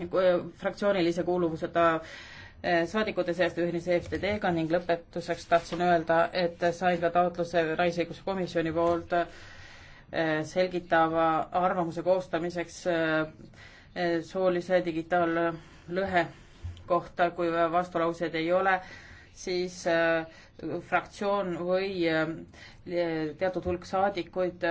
Äh, fraktsioonilise kuuluvuseta äh, saadikute seast ühines EFTD-ga ning lõpetuseks tahtsin öelda, et sain ka taotluse Naisõiguse komisjoni poolt äh, selgitava arvamuse koostamiseks soolise digitaallõhe kohta, kui vastulauseid ei ole, siis fraktsioon või teatud hulk saadikuid